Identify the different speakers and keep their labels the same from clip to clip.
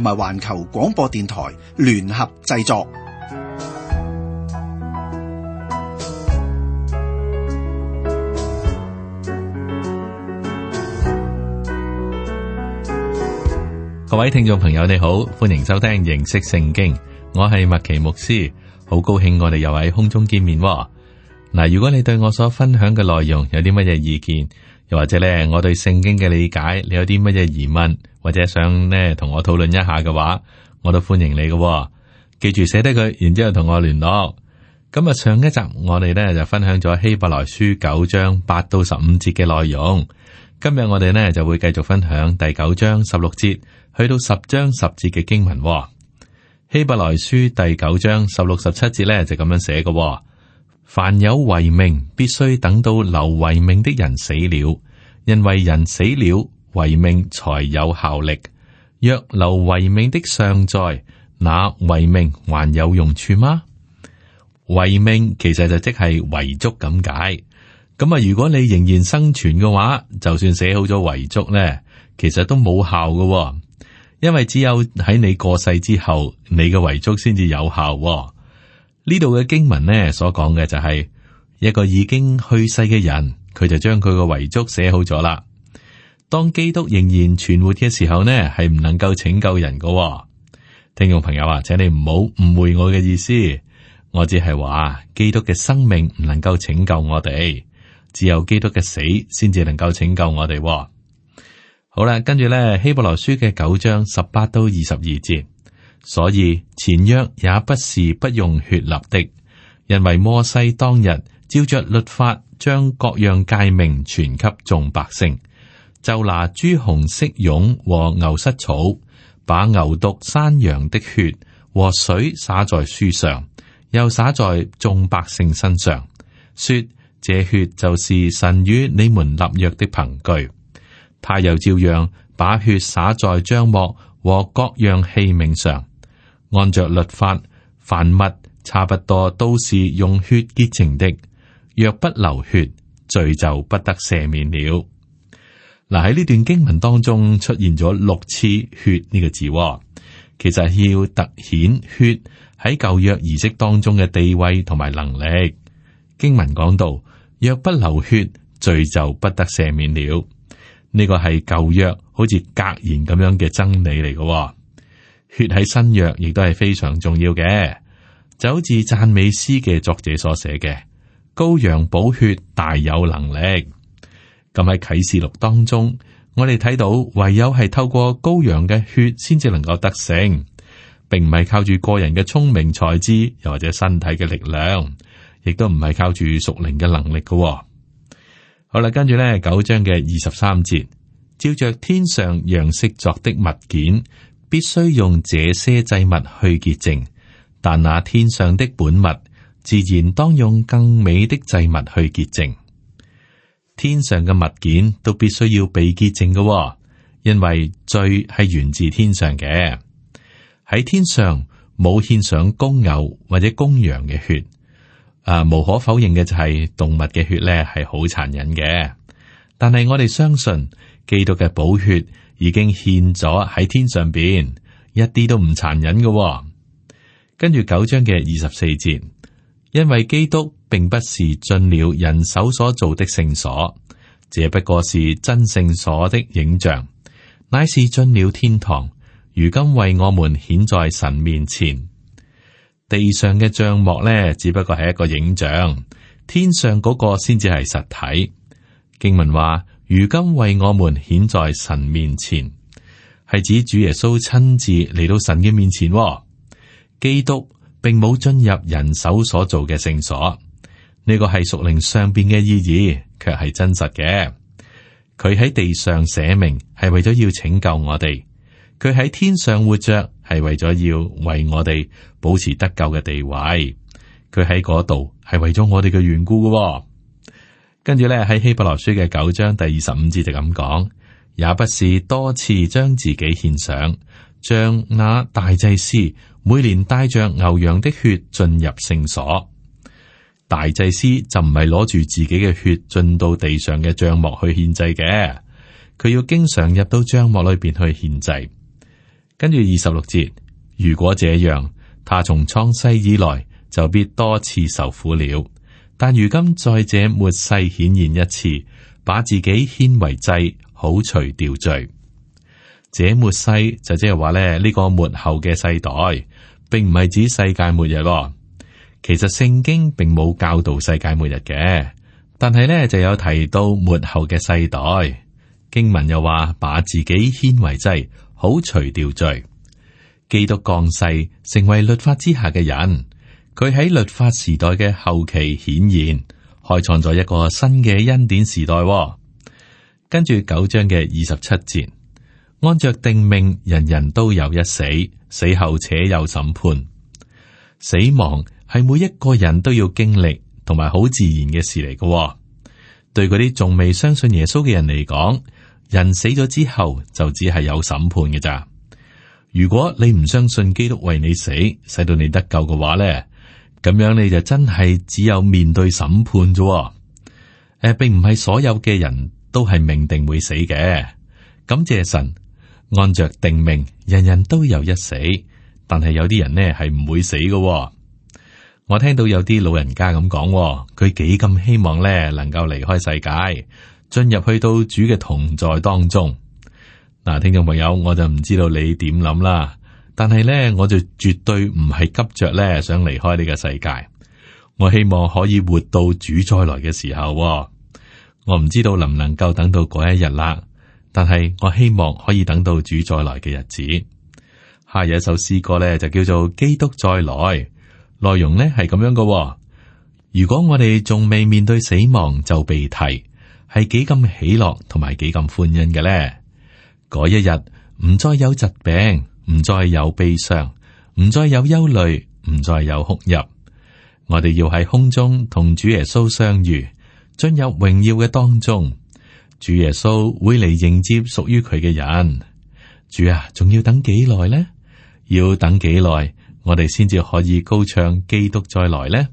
Speaker 1: 同埋環球廣播電台聯合製作。各位聽眾朋友，你好，歡迎收聽認識聖經。我係麥奇牧師，好高興我哋又喺空中見面。嗱，如果你對我所分享嘅內容有啲乜嘢意見，又或者咧，我對聖經嘅理解，你有啲乜嘢疑問，或者想呢同我討論一下嘅話，我都歡迎你嘅。記住寫低佢，然之後同我聯絡。咁啊，上一集我哋呢就分享咗希伯來書九章八到十五節嘅內容。今日我哋呢就會繼續分享第九章十六節去到十章十節嘅經文。希伯來書第九章十六十七節呢，就咁樣寫嘅。凡有遺命，必須等到留遺命的人死了，因為人死了，遺命才有效力。若留遺命的尚在，那遺命還有用處嗎？遺命其實就即係遺囑咁解。咁啊，如果你仍然生存嘅話，就算寫好咗遺囑呢，其實都冇效嘅，因為只有喺你過世之後，你嘅遺囑先至有效。呢度嘅經文呢，所講嘅就係一個已經去世嘅人，佢就將佢個遺囑寫好咗啦。當基督仍然存活嘅時候呢，係唔能夠拯救人噶聽眾朋友啊，請你唔好誤會我嘅意思，我只係話基督嘅生命唔能夠拯救我哋，只有基督嘅死先至能夠拯救我哋。好啦，跟住呢，希伯來書嘅九章十八到二十二節。所以前約也不是不用血立的，因為摩西當日照着律法將各樣誡命傳給眾百姓，就拿朱紅色絨和牛膝草，把牛犢、山羊的血和水灑在書上，又灑在眾百姓身上，說：這血就是神與你們立約的憑據。他又照樣把血灑在帳幕。和各樣器皿上，按着律法，凡物差不多都是用血潔淨的。若不流血，罪就不得赦免了。嗱，喺呢段經文當中出現咗六次血呢個字、哦，其實要凸顯血喺舊約儀式當中嘅地位同埋能力。經文講到，若不流血，罪就不得赦免了。呢個係舊約好似格言咁樣嘅真理嚟嘅，哦，血喺新約亦都係非常重要嘅，就好似讚美詩嘅作者所寫嘅，羔羊補血大有能力。咁喺啟示錄當中，我哋睇到唯有係透過羔羊嘅血先至能夠得勝，並唔係靠住個人嘅聰明才智，又或者身體嘅力量，亦都唔係靠住屬靈嘅能力嘅，哦。好啦，跟住咧九章嘅二十三節，照着天上樣式作的物件，必須用這些祭物去潔淨；但那天上的本物，自然當用更美的祭物去潔淨。天上嘅物件都必須要被潔淨㗎喎，因為罪係源自天上嘅。喺天上冇獻上公牛或者公羊嘅血。啊，無可否認嘅就係、是、動物嘅血咧，係好殘忍嘅。但係我哋相信基督嘅寶血已經獻咗喺天上邊，一啲都唔殘忍嘅、哦。跟住九章嘅二十四節，因為基督並不是進了人手所造的聖所，這不過是真聖所的影像，乃是進了天堂，如今為我們顯在神面前。地上嘅帳幕咧，只不過係一個影像；天上嗰個先至係實體。經文話：如今為我們顯在神面前，係指主耶穌親自嚟到神嘅面前。基督並冇進入人手所做嘅聖所，呢、這個係屬靈上邊嘅意義，卻係真實嘅。佢喺地上寫明，係為咗要拯救我哋。佢喺天上活着。係為咗要為我哋保持得救嘅地位，佢喺嗰度係為咗我哋嘅緣故嘅、哦。跟住咧喺希伯來書嘅九章第二十五節就咁講，也不是多次將自己獻上，像那大祭司每年帶着牛羊的血進入聖所。大祭司就唔係攞住自己嘅血進到地上嘅帳幕去獻祭嘅，佢要經常入到帳幕裏邊去獻祭。跟住二十六節，如果這樣，他從創世以來就必多次受苦了。但如今在這末世顯現一次，把自己獻為祭，好除掉罪。這末世就即係話咧，呢個末後嘅世代，並唔係指世界末日咯。其實聖經並冇教導世界末日嘅，但係咧就有提到末後嘅世代。經文又話把自己獻為祭。好除掉罪，基督降世，成為律法之下嘅人。佢喺律法時代嘅後期顯現，開創咗一個新嘅恩典時代，哦。跟住九章嘅二十七節，按着定命，人人都有一死，死後且有審判。死亡係每一個人都要經歷同埋好自然嘅事嚟嘅，哦。對嗰啲仲未相信耶穌嘅人嚟講。人死咗之後就只係有審判嘅咋？如果你唔相信基督為你死，使到你得救嘅話咧，咁樣你就真係只有面對審判啫。誒、呃，並唔係所有嘅人都係命定會死嘅。感謝神，按着定命，人人都有一死，但係有啲人呢係唔會死嘅。我聽到有啲老人家咁講，佢幾咁希望咧能夠離開世界。進入去到主嘅同在當中嗱，聽眾朋友，我就唔知道你點諗啦。但係呢，我就絕對唔係急着咧，想離開呢個世界。我希望可以活到主再來嘅時候，哦。我唔知道能唔能夠等到嗰一日啦，但係我希望可以等到主再來嘅日子。下有一首詩歌呢，就叫做《基督再來》，內容呢係咁樣嘅，哦。如果我哋仲未面對死亡，就被提。係幾咁喜樂同埋幾咁歡欣嘅呢？嗰一日唔再有疾病，唔再有悲傷，唔再有憂慮，唔再有哭泣。我哋要喺空中同主耶穌相遇，進入榮耀嘅當中。主耶穌會嚟迎接屬於佢嘅人。主啊，仲要等幾耐呢？要等幾耐？我哋先至可以高唱基督再來呢？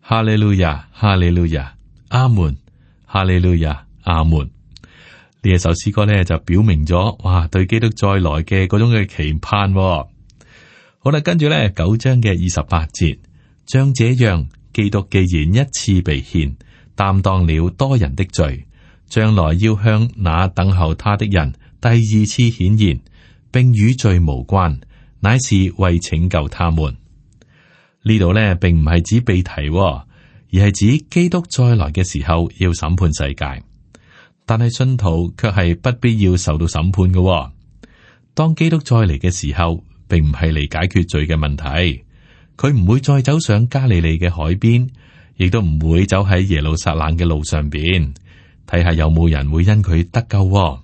Speaker 1: 哈利路亞，哈利路亞，阿門。哈利路亞，阿門。呢一首詩歌咧就表明咗，哇，對基督再來嘅嗰種嘅期盼，哦。好啦，跟住咧九章嘅二十八節，像這樣基督既然一次被獻，擔當了多人的罪，將來要向那等候他的人第二次顯現，並與罪無關，乃是為拯救他們。呢度咧並唔係指被提，哦。而係指基督再來嘅時候要審判世界，但係信徒卻係不必要受到審判嘅喎。當基督再嚟嘅時候，並唔係嚟解決罪嘅問題，佢唔會再走上加利利嘅海邊，亦都唔會走喺耶路撒冷嘅路上邊，睇下有冇人會因佢得救喎。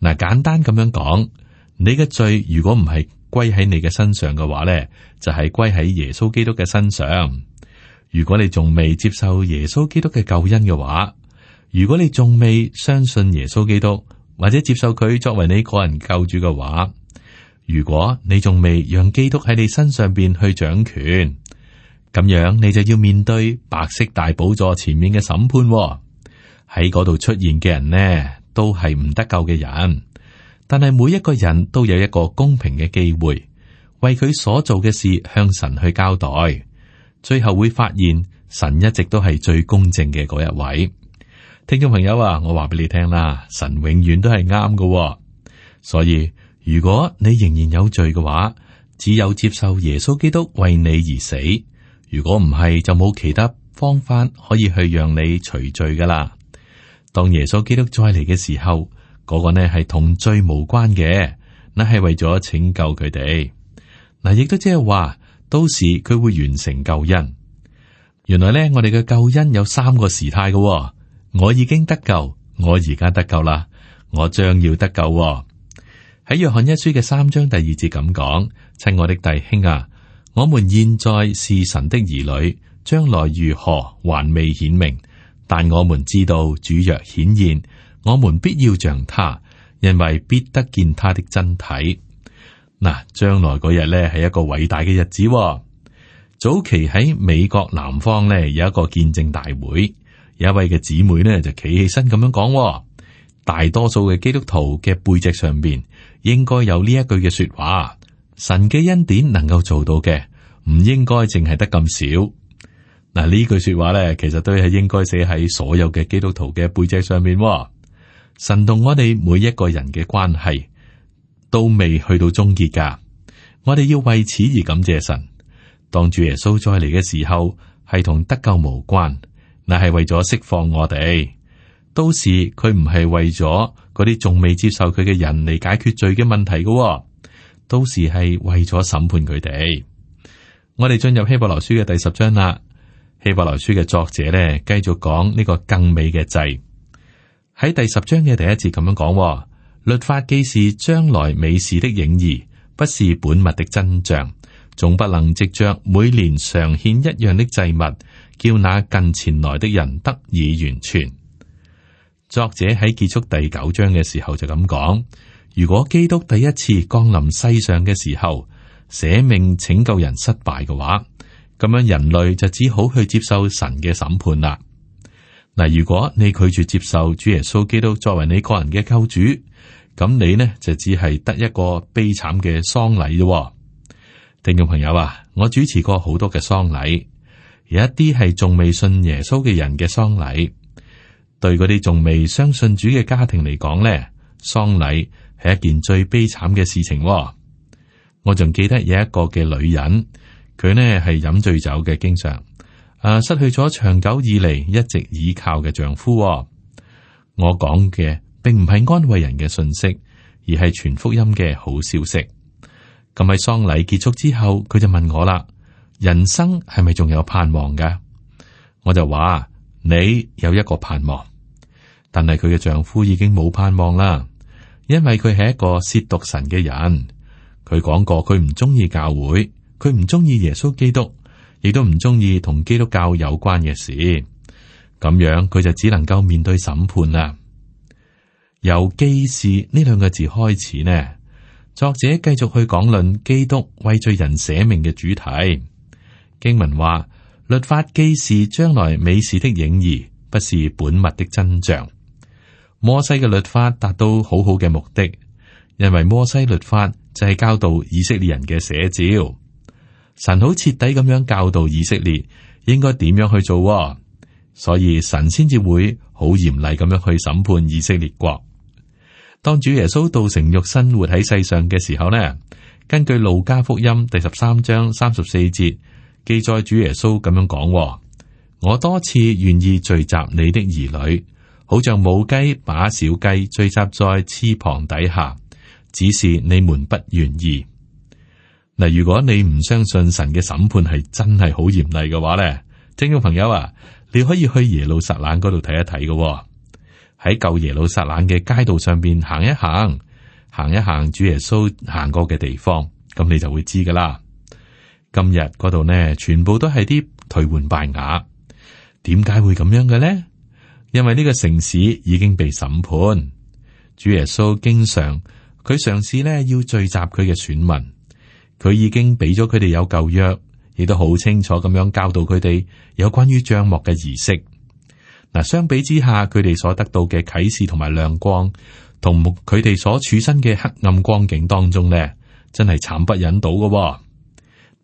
Speaker 1: 嗱，簡單咁樣講，你嘅罪如果唔係歸喺你嘅身上嘅話咧，就係歸喺耶穌基督嘅身上。如果你仲未接受耶穌基督嘅救恩嘅話，如果你仲未相信耶穌基督或者接受佢作為你個人救主嘅話，如果你仲未讓基督喺你身上邊去掌權，咁樣你就要面對白色大寶座前面嘅審判哦。喺嗰度出現嘅人呢，都係唔得救嘅人。但係每一個人都有一個公平嘅機會，為佢所做嘅事向神去交代。最後會發現，神一直都係最公正嘅嗰一位。聽眾朋友啊，我話俾你聽啦，神永遠都係啱嘅。所以如果你仍然有罪嘅話，只有接受耶穌基督為你而死。如果唔係，就冇其他方法可以去讓你除罪噶啦。當耶穌基督再嚟嘅時候，嗰、那個呢係同罪無關嘅，那係為咗拯救佢哋。嗱，亦都即係話。到時佢會完成救恩。原來咧，我哋嘅救恩有三個時態嘅、哦。我已經得救，我而家得救啦，我將要得救、哦。喺約翰一書嘅三章第二節咁講：親愛的弟兄啊，我們現在是神的兒女，將來如何還未顯明，但我們知道主若顯現，我們必要像他，因為必得見他的真體。嗱，將來嗰日咧係一個偉大嘅日子、哦。早期喺美國南方咧有一個見證大會，有一位嘅姊妹咧就企起身咁樣講、哦：大多數嘅基督徒嘅背脊上面應該有呢一句嘅說話：神嘅恩典能夠做到嘅，唔應該淨係得咁少。嗱，呢句說話咧，其實都係應該寫喺所有嘅基督徒嘅背脊上面、哦。神同我哋每一個人嘅關係。都未去到終結噶，我哋要為此而感謝神。當主耶穌再嚟嘅時候，係同得救無關，那係為咗釋放我哋。到時佢唔係為咗嗰啲仲未接受佢嘅人嚟解決罪嘅問題噶，到時係為咗審判佢哋。我哋進入希伯來書嘅第十章啦。希伯來書嘅作者咧，繼續講呢個更美嘅祭，喺第十章嘅第一節咁樣講。律法既是將來美事的影兒，不是本物的真像，總不能藉着每年常獻一樣的祭物，叫那近前來的人得以完全。作者喺結束第九章嘅時候就咁講：，如果基督第一次降臨世上嘅時候，捨命拯救人失敗嘅話，咁樣人類就只好去接受神嘅審判啦。嗱，如果你拒絕接受主耶穌基督作為你個人嘅救主，咁你呢，就只係得一個悲慘嘅喪禮啫。聽眾朋友啊，我主持過好多嘅喪禮，有一啲係仲未信耶穌嘅人嘅喪禮，對嗰啲仲未相信主嘅家庭嚟講呢，喪禮係一件最悲慘嘅事情，啊。我仲記得有一個嘅女人，佢呢係飲醉酒嘅，經常啊失去咗長久以嚟一直倚靠嘅丈夫，啊。我講嘅。並唔係安慰人嘅信息，而係全福音嘅好消息。咁喺喪禮結束之後，佢就問我啦：人生係咪仲有盼望㗎？我就話：你有一個盼望，但係佢嘅丈夫已經冇盼望啦，因為佢係一個褻瀆神嘅人。佢講過佢唔中意教會，佢唔中意耶穌基督，亦都唔中意同基督教有關嘅事。咁樣佢就只能夠面對審判啦。由既是呢兩個字開始呢，作者繼續去講論基督為罪人捨命嘅主題。經文話，律法既是將來美事的影兒，不是本物的真相。摩西嘅律法達到好好嘅目的，因為摩西律法就係教導以色列人嘅寫照。神好徹底咁樣教導以色列應該點樣去做，哦，所以神先至會好嚴厲咁樣去審判以色列國。當主耶穌道成肉身活喺世上嘅時候咧，根據路加福音第十三章三十四節記載，主耶穌咁樣講：我多次願意聚集你的兒女，好像母雞把小雞聚集在翅膀底下，只是你們不願意。嗱，如果你唔相信神嘅審判係真係好嚴厲嘅話呢，正經朋友啊，你可以去耶路撒冷嗰度睇一睇嘅。喺舊耶路撒冷嘅街道上邊行一行，行一行主耶穌行過嘅地方，咁你就會知噶啦。今日嗰度呢，全部都係啲頹垣敗瓦，點解會咁樣嘅呢？因為呢個城市已經被審判，主耶穌經常佢嘗試呢要聚集佢嘅選民，佢已經俾咗佢哋有舊約，亦都好清楚咁樣教導佢哋有關於帳幕嘅儀式。嗱，相比之下，佢哋所得到嘅啟示同埋亮光，同佢哋所處身嘅黑暗光景當中呢，真係慘不忍睹㗎喎。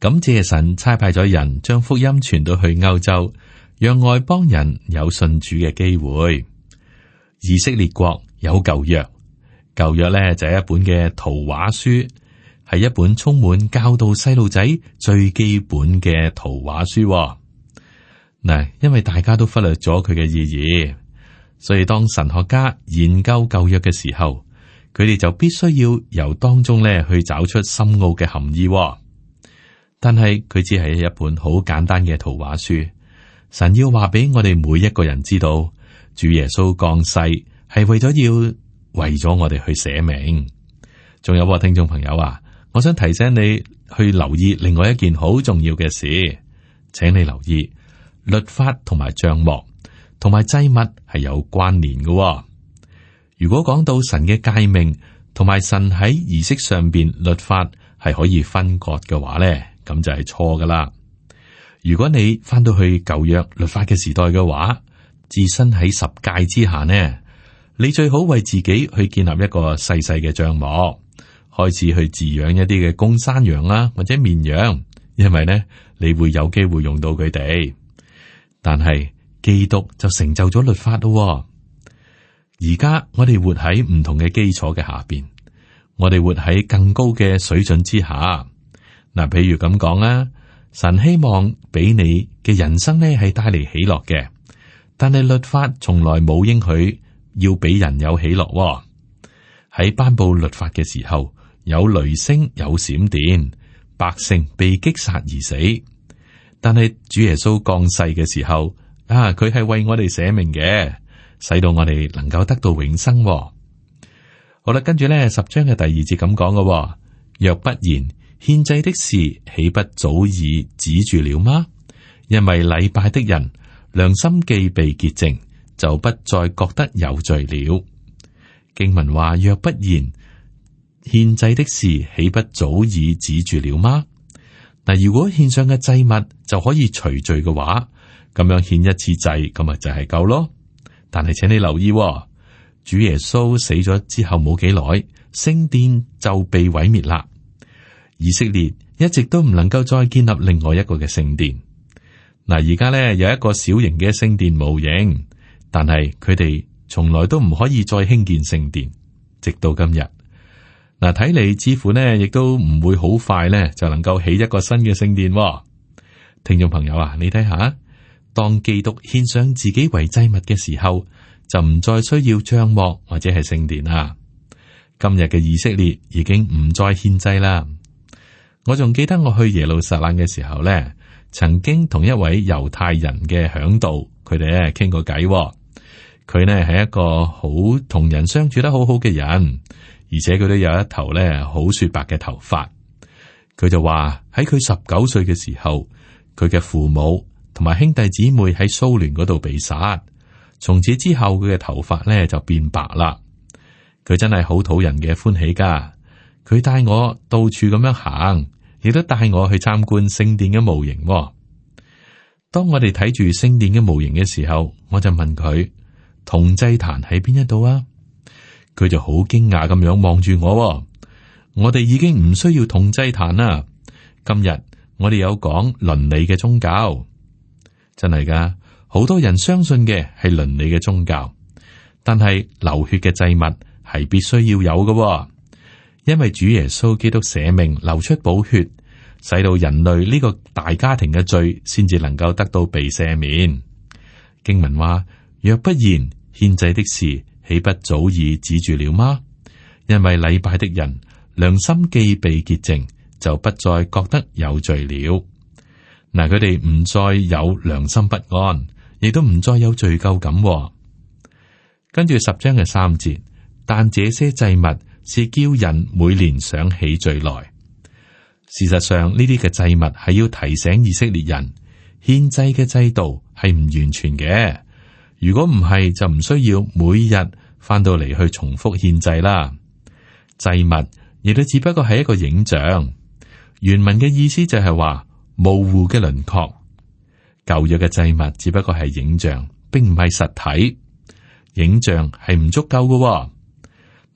Speaker 1: 感謝神差派咗人將福音傳到去歐洲，讓外邦人有信主嘅機會。以色列國有舊約，舊約呢就係一本嘅圖畫書，係一本充滿教導細路仔最基本嘅圖畫書喎。嗱，因為大家都忽略咗佢嘅意義，所以當神學家研究舊約嘅時候，佢哋就必須要由當中咧去找出深奧嘅含義、哦。但係佢只係一本好簡單嘅圖畫書。神要話俾我哋每一個人知道，主耶穌降世係為咗要為咗我哋去捨命。仲有我聽眾朋友啊，我想提醒你去留意另外一件好重要嘅事，請你留意。律法同埋帳幕同埋祭物係有關聯嘅、哦。如果講到神嘅誡命同埋神喺儀式上邊律法係可以分割嘅話咧，咁就係錯噶啦。如果你翻到去舊約律法嘅時代嘅話，置身喺十誡之下呢，你最好為自己去建立一個細細嘅帳幕，開始去飼養一啲嘅公山羊啦、啊，或者綿羊，因為咧你會有機會用到佢哋。但係基督就成就咗律法咯、哦，而家我哋活喺唔同嘅基礎嘅下邊，我哋活喺更高嘅水準之下。嗱、啊，譬如咁講啦，神希望俾你嘅人生呢係帶嚟喜樂嘅，但係律法從來冇應許要俾人有喜樂、哦。喺頒布律法嘅時候，有雷聲有閃電，百姓被擊殺而死。但係主耶穌降世嘅時候啊，佢係為我哋捨命嘅，使到我哋能夠得到永生喎。好啦，跟住呢十章嘅第二節咁講嘅，若不然，獻祭的事豈不早已止住了嗎？因為禮拜的人良心既被潔淨，就不再覺得有罪了。經文話：若不然，獻祭的事豈不早已止住了嗎？嗱，如果獻上嘅祭物就可以除罪嘅話，咁樣獻一次祭，咁咪就係夠咯。但係請你留意哦，主耶穌死咗之後冇幾耐，聖殿就被毀滅啦。以色列一直都唔能夠再建立另外一個嘅聖殿。嗱，而家咧有一個小型嘅聖殿模型，但係佢哋從來都唔可以再興建聖殿，直到今日。嗱，睇嚟似乎咧，亦都唔會好快咧就能夠起一個新嘅聖殿。哦。聽眾朋友啊，你睇下，當基督獻上自己為祭物嘅時候，就唔再需要帳幕或者係聖殿啦。今日嘅以色列已經唔再獻祭啦。我仲記得我去耶路撒冷嘅時候咧，曾經同一位猶太人嘅響度，佢哋咧傾過偈。哦。佢咧係一個好同人相處得好好嘅人。而且佢都有一頭咧好雪白嘅頭髮，佢就話喺佢十九歲嘅時候，佢嘅父母同埋兄弟姊妹喺蘇聯嗰度被殺，從此之後佢嘅頭髮咧就變白啦。佢真係好討人嘅歡喜噶，佢帶我到處咁樣行，亦都帶我去參觀聖殿嘅模型喎。當我哋睇住聖殿嘅模型嘅時候，我就問佢銅祭壇喺邊一度啊？佢就好驚訝咁樣望住我，哦，我哋已經唔需要同祭壇啦。今日我哋有講倫理嘅宗教，真係噶，好多人相信嘅係倫理嘅宗教，但係流血嘅祭物係必須要有嘅。哦，因為主耶穌基督捨命流出寶血，使到人類呢個大家庭嘅罪先至能夠得到被赦免。經文話：若不然，獻祭的事。豈不早已止住了嗎？因為禮拜的人良心既被潔淨，就不再覺得有罪了。嗱，佢哋唔再有良心不安，亦都唔再有罪疚感喎。跟住十章嘅三節，但這些祭物是叫人每年想起罪來。事實上，呢啲嘅祭物係要提醒以色列人獻祭嘅制度係唔完全嘅。如果唔係，就唔需要每日翻到嚟去重複獻祭啦。祭物亦都只不過係一個影像。原文嘅意思就係話模糊嘅輪廓，舊約嘅祭物只不過係影像，並唔係實體。影像係唔足夠嘅。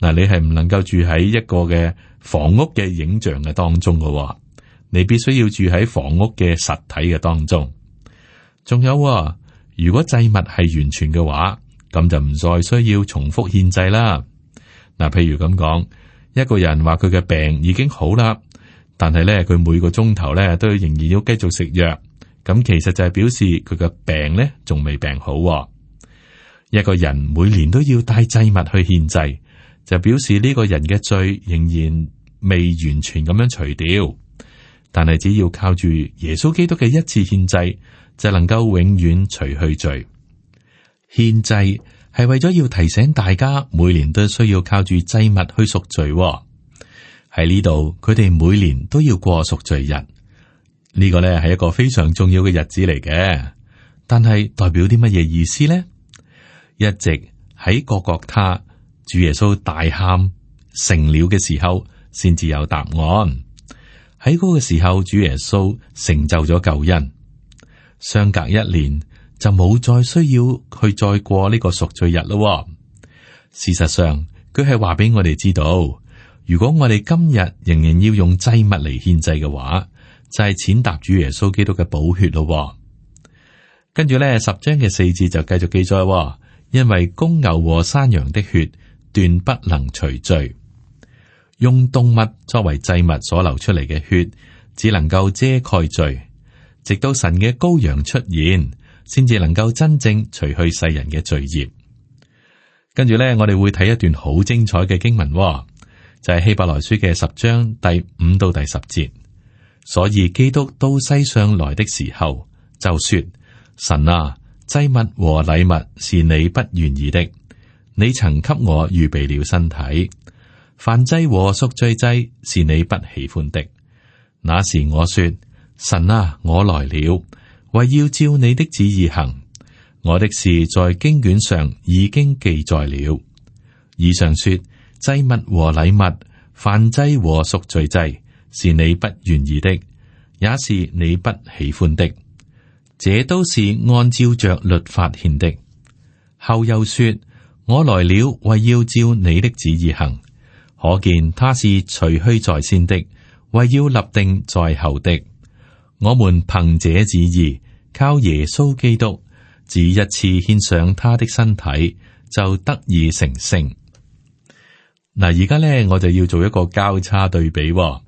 Speaker 1: 嗱，你係唔能夠住喺一個嘅房屋嘅影像嘅當中嘅。你必須要住喺房屋嘅實體嘅當中。仲有啊。如果祭物係完全嘅話，咁就唔再需要重複獻祭啦。嗱，譬如咁講，一個人話佢嘅病已經好啦，但係咧佢每個鐘頭咧都仍然要繼續食藥，咁其實就係表示佢嘅病咧仲未病好。一個人每年都要帶祭物去獻祭，就表示呢個人嘅罪仍然未完全咁樣除掉。但係只要靠住耶穌基督嘅一次獻祭。就能夠永遠除去罪。獻祭係為咗要提醒大家，每年都需要靠住祭物去贖罪喎。喺呢度，佢哋每年都要過贖罪日，呢個咧係一個非常重要嘅日子嚟嘅，但係代表啲乜嘢意思呢？一直喺各各他，主耶穌大喊成了嘅時候，先至有答案。喺嗰個時候，主耶穌成就咗救恩。相隔一年就冇再需要去再過呢個贖罪日咯。事實上，佢係話俾我哋知道，如果我哋今日仍然要用祭物嚟獻祭嘅話，就係、是、踐踏主耶穌基督嘅寶血咯。跟住咧，十章嘅四節就繼續記載，因為公牛和山羊的血斷不能除罪，用動物作為祭物所流出嚟嘅血，只能夠遮蓋罪。直到神嘅羔羊出現，先至能夠真正除去世人嘅罪孽。跟住呢，我哋會睇一段好精彩嘅經文，哦，就係、是、希伯來書嘅十章第五到第十節。所以基督到世上來的時候，就說：神啊，祭物和禮物是你不願意的，你曾給我預備了身體，燔祭和贖罪祭是你不喜歡的。那時我說。神啊，我來了，為要照你的旨意行。我的事在經卷上已經記載了。以上說祭物和禮物、燔祭和贖罪祭，是你不願意的，也是你不喜歡的。這都是按照着律法獻的。後又說，我來了，為要照你的旨意行。可見他是除去在先的，為要立定在後的。我們憑這旨意，靠耶穌基督，只一次獻上他的身體，就得以成聖。嗱，而家咧，我就要做一個交叉對比，誒，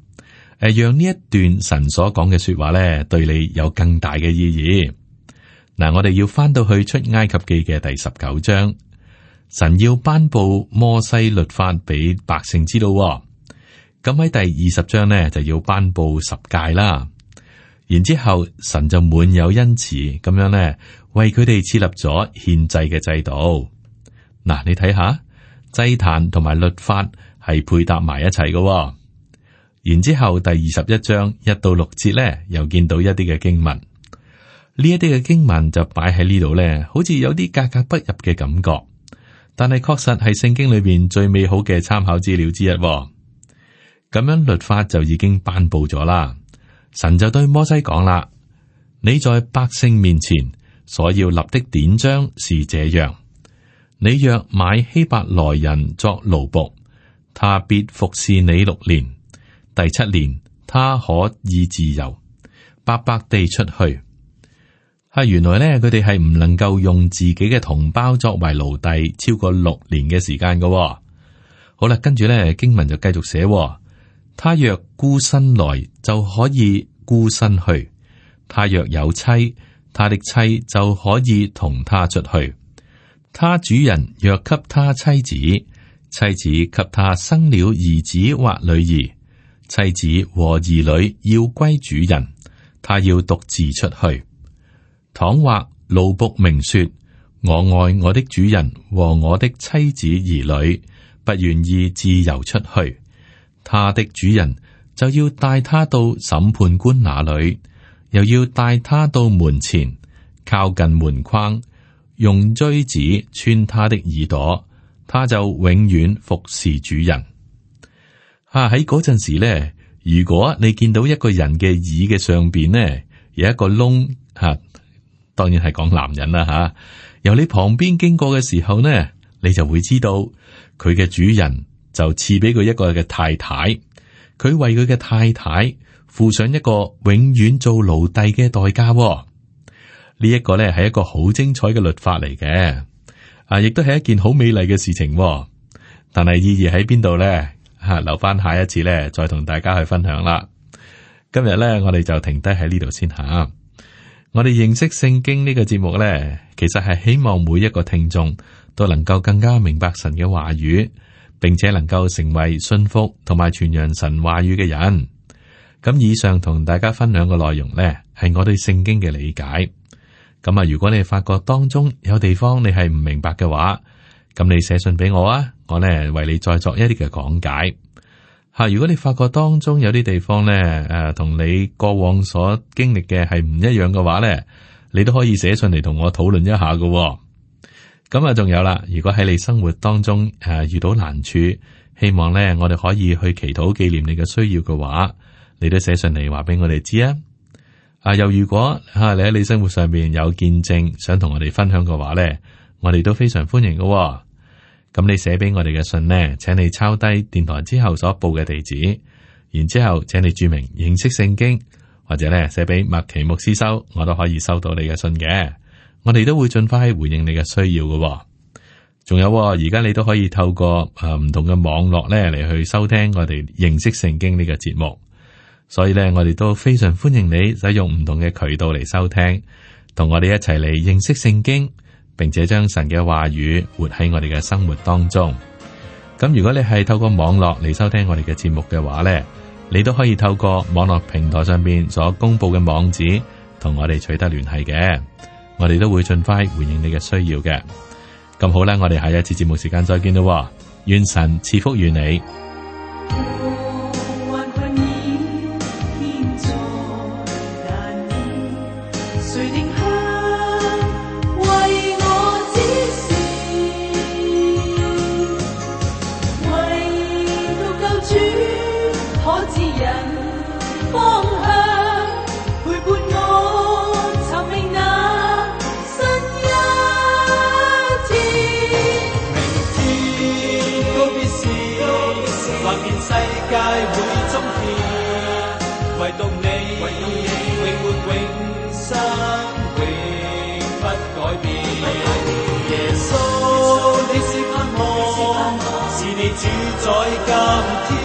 Speaker 1: 讓呢一段神所講嘅說話咧，對你有更大嘅意義。嗱，我哋要翻到去出埃及記嘅第十九章，神要頒布摩西律法俾百姓知道。咁喺第二十章咧，就要頒布十誡啦。然之後，神就滿有恩慈，咁樣呢，為佢哋設立咗獻祭嘅制度。嗱、啊，你睇下祭壇同埋律法係配搭埋一齊嘅，哦。然之後第二十一章一到六節呢，又見到一啲嘅經文。呢一啲嘅經文就擺喺呢度呢，好似有啲格格不入嘅感覺。但係確實係聖經裏邊最美好嘅參考資料之一，哦。咁樣律法就已經頒布咗啦。神就對摩西講啦，你在百姓面前所要立的典章是這樣，你若買希伯來人作奴僕，他必服侍你六年，第七年他可以自由白白地出去。啊，原來咧佢哋係唔能夠用自己嘅同胞作為奴隸超過六年嘅時間嘅，哦，好啦，跟住咧經文就繼續寫，哦。他若孤身來，就可以孤身去；他若有妻，他的妻就可以同他出去。他主人若給他妻子，妻子給他生了兒子或女兒，妻子和兒女要歸主人，他要獨自出去。倘或老僕明說：我愛我的主人和我的妻子兒女，不願意自由出去。他的主人就要帶他到審判官那裏，又要帶他到門前，靠近門框，用錐子穿他的耳朵，他就永遠服侍主人。啊！喺嗰陣時咧，如果你見到一個人嘅耳嘅上邊咧有一個窿，吓、啊，當然係講男人啦，吓、啊，由你旁邊經過嘅時候咧，你就會知道佢嘅主人。就賜俾佢一個嘅太太，佢為佢嘅太太付上一個永遠做奴隸嘅代價，哦。呢一個呢係一個好精彩嘅律法嚟嘅，啊，亦都係一件好美麗嘅事情，哦。但係意義喺邊度呢？吓，留翻下一次呢，再同大家去分享啦。今日呢，我哋就停低喺呢度先吓。我哋認識聖經呢個節目呢，其實係希望每一個聽眾都能夠更加明白神嘅話語。並且能夠成為信服同埋傳揚神話語嘅人。咁以上同大家分享嘅內容呢，係我對聖經嘅理解。咁啊，如果你發覺當中有地方你係唔明白嘅話，咁你寫信俾我啊，我呢為你再作一啲嘅講解。吓，如果你發覺當中有啲地方呢，誒，同你過往所經歷嘅係唔一樣嘅話呢，你都可以寫信嚟同我討論一下噶。咁啊，仲有啦！如果喺你生活當中誒遇到難處，希望咧我哋可以去祈禱紀念你嘅需要嘅話，你都寫信嚟話俾我哋知啊！啊，又如果吓你喺你生活上面有見證，想同我哋分享嘅話咧，我哋都非常歡迎嘅喎。咁你寫俾我哋嘅信咧，請你抄低電台之後所報嘅地址，然之後請你注明認識聖經，或者咧寫俾麥奇牧師收，我都可以收到你嘅信嘅。我哋都會盡快去回應你嘅需要嘅。哦，仲有哦，而家你都可以透過誒、啊、唔同嘅網絡咧嚟去收聽我哋認識聖經呢個節目，所以咧我哋都非常歡迎你使用唔同嘅渠道嚟收聽，同我哋一齊嚟認識聖經，並且將神嘅話語活喺我哋嘅生活當中。咁如果你係透過網絡嚟收聽我哋嘅節目嘅話咧，你都可以透過網絡平台上邊所公布嘅網址同我哋取得聯繫嘅。我哋都會盡快回應你嘅需要嘅，咁好啦，我哋下一次節目時間再見囉，願神賜福與你。 主宰今天。